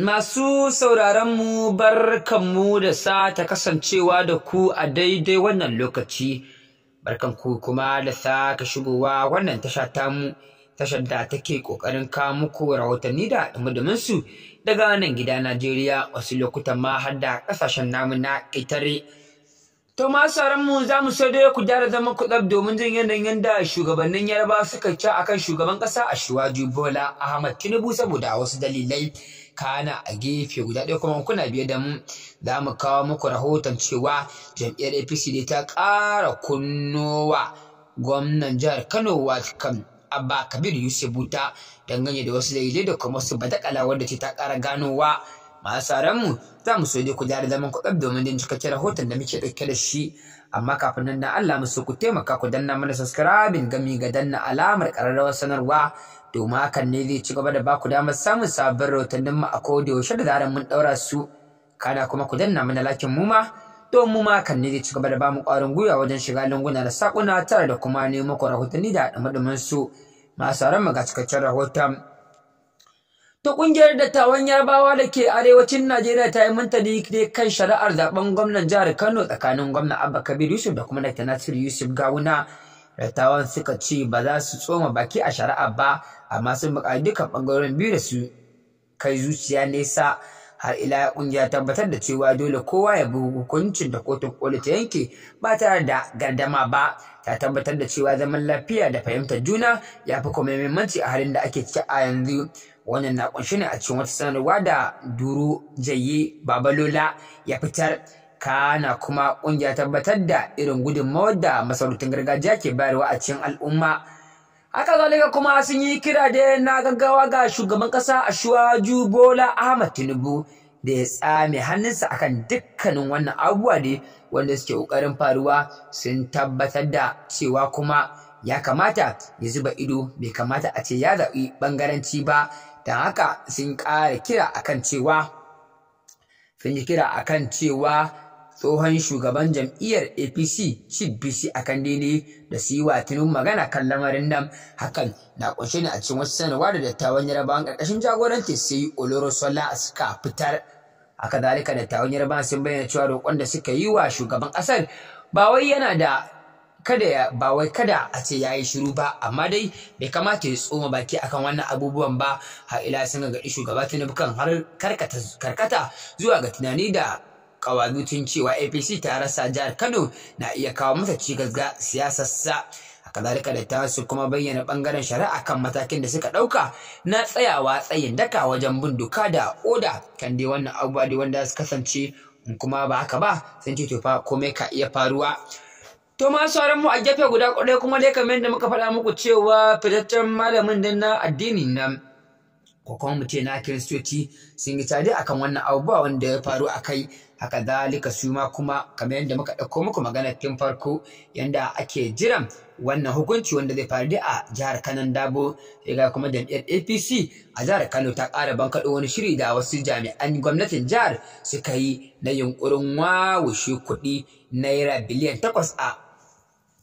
Masu sauraronmu barkanmu da sata kasancewa da ku a daidai wannan lokaci, barkanku kuma da sake shigowa wannan tasha tamu, tashar da take ƙoƙarin kawo muku rahotanni da muduminsu, daga nan gida Najeriya wasu lokutan ma har da ƙasashen namu na ƙetare. To masu sauranmu za mu so dai ku gyara zama ku kuɗab domin jin yanayin da shugabannin Yarbawa suka ci akan shugaban ƙasa a Bola Ahmad Tinubu saboda wasu dalilai. kana a gefe guda ɗaya kuma kuna biye da mu za mu kawo muku rahoton cewa jam'iyyar apc dai ta ƙara kunnowa gwamnan jihar kano kan abba kabir yusuf buta dangane da wasu dalilai da kuma su badakala wanda ce ta ƙara ganowa masaranmu mu za mu soje ku jari zaman kuɗar domin din cikakken rahoton da muke ɗauke da shi amma kafin nan na Allah musu ku taimaka ku danna mana subscribing gami ga danna alamar ƙararrawar sanarwa domin hakan ne zai ci gaba da ba ku damar samun sabbin rahotannin mu a koda yaushe da zaran mun ɗaura su kana kuma ku danna mana lakin mu ma Domin mu ma kan ne zai ci gaba da bamu ƙwarin gwiwa wajen shiga lunguna da sakuna, tare da kuma nemo ku rahotanni da ɗumaɗumin su masu ga cikakken rahoton ta kungiyar dattawan yarbawa da ke arewacin najeriya ta yi mantani ne kan shari'ar zaben gwamnan jihar kano tsakanin gwamnan abba kabir yusuf da kuma dakta nasir yusuf gawuna dattawan suka ce ba za su tsoma baki a shari'a ba amma sun buƙaci dukkan ɓangarorin biyu da su kai zuciya nesa har ila kungiya tabbatar da cewa dole kowa ya bi hukuncin da kotun koli ta yanke ba tare da gardama ba ta tabbatar da cewa zaman lafiya da fahimtar juna ya fi kuma muhimmanci a halin da ake ciki a yanzu wannan na kunshi ne a cikin wata sanarwa da duru jayi babalola ya fitar kana kuma kungiya tabbatar da irin gudunmawar da masarautar gargajiya ke bayarwa a cikin al'umma haka zalika kuma sun yi kira da na gaggawa ga shugaban kasa Ashwaju Bola Ahmad Tinubu da ya tsame hannunsa akan dukkanin wannan abubuwa ne wanda suke ƙoƙarin faruwa sun tabbatar da cewa kuma ya kamata ya zuba ido bai kamata a ce ya zaɓi ɓangaranci ba da haka sun ƙara kira akan cewa sun yi kira akan cewa tsohon shugaban jam'iyyar apc chief bc akan da su yi watinin magana kan lamarin nan hakan na ƙunshe ne a cikin wasu sanarwa da dattawan yarabawan ƙarƙashin jagoranci sai olorosola suka fitar haka zalika dattawan yarabawan sun bayyana cewa roƙon da suka yi wa shugaban ƙasar ba wai yana da kada ya ba wai kada a ce ya yi shiru ba amma dai bai kamata ya tsoma baki akan wannan abubuwan ba har ila sun ga shugaba tinubu kan har karkata zuwa ga tunani da kawalutun cewa apc ta rasa jihar kano na iya kawo mata cikas ga siyasarsa da ta su kuma bayyana bangaren shari'a kan matakin da suka ɗauka. na tsayawa tsayin daka wajen bin doka da oda kan dai wannan abubuwa dai wanda suka kasance kuma ba haka ba sun ce to fa komai ka iya faruwa To ma sauran mu a gefe guda kwarai kuma dai kamar da muka faɗa muku cewa fitaccen malamin din na addini na ko kuma mu ce na kiristoci sun yi tare akan wannan abubuwa wanda ya faru a kai haka zalika su ma kuma kamar yadda muka ɗauko muku magana tun farko yanda ake jiran wannan hukunci wanda zai faru a jihar Kano Dabo ga kuma jam'iyyar APC a jihar Kano ta ƙara bankaɗo wani shiri da wasu jami'an gwamnatin jihar suka yi na yunƙurin wawushe kuɗi naira biliyan takwas a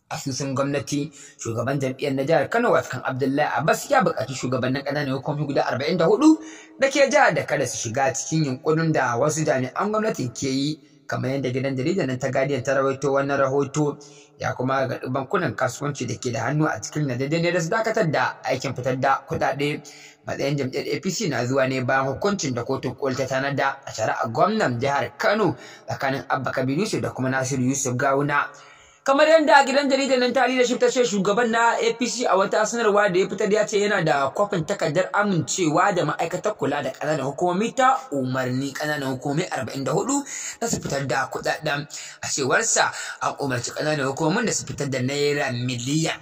asusun gwamnati shugaban jam'iyyar na jihar Kano kan Abdullahi Abbas ya buƙaci shugabannin ƙananan hukumomi guda 44 da ke jihar da kada su shiga cikin yunkurin da wasu jami'an gwamnati ke yi kamar yadda gidan jaridar nan ta Guardian ta rawaito wannan rahoto ya kuma ga bankunan kasuwanci da ke da hannu a cikin nadadin da su dakatar da aikin fitar da kuɗaɗe matsayin jam'iyyar apc na zuwa ne bayan hukuncin da kotun koli ta tanada, da a shari'a gwamnan jihar kano tsakanin abba kabiru da kuma nasiru yusuf gawuna kamar yadda gidan jaridar nan ta leadership ta ce shugaban na apc a wata sanarwa da ya fitar ya ce yana da kwafin takardar amincewa da ma'aikatar kula da ƙananan hukumomi ta umarni ƙananan hukumomi 44 na su fitar da kuɗaɗen a cewarsa a umarci ƙananan hukumomin da su fitar da naira miliyan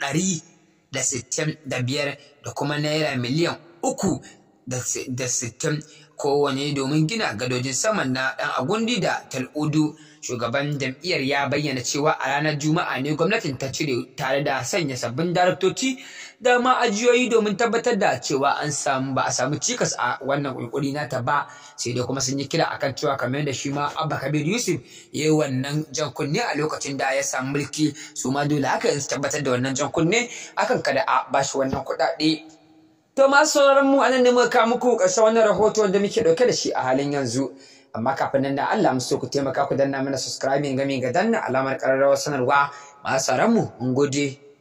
165 da da biyar da kuma naira miliyan uku da sittin kowane domin gina gadojin saman na ɗan agundi da tal'udu shugaban jam'iyyar ya bayyana cewa a ranar juma'a ne gwamnatin ta cire tare da sanya sabbin daraktoci da ma'ajiyoyi domin tabbatar da cewa an samu ba a samu cikas a wannan na nata ba sai dai kuma sun yi kira akan cewa kamar yadda shi ma abba kabir yusuf ya yi wannan jan kunne a lokacin da ya samu mulki su ma dole haka su tabbatar da wannan jan kunne akan kada a bashi wannan kuɗaɗe To masu sauraron mu anan ne muka kawo muku ƙarshen wannan rahoto da muke ɗauke da shi a halin yanzu. Amma kafin nan da Allah musu ku taimaka ku danna mana subscribing gami ga danna alamar ƙararrawar sanarwa. sauran mu mun gode.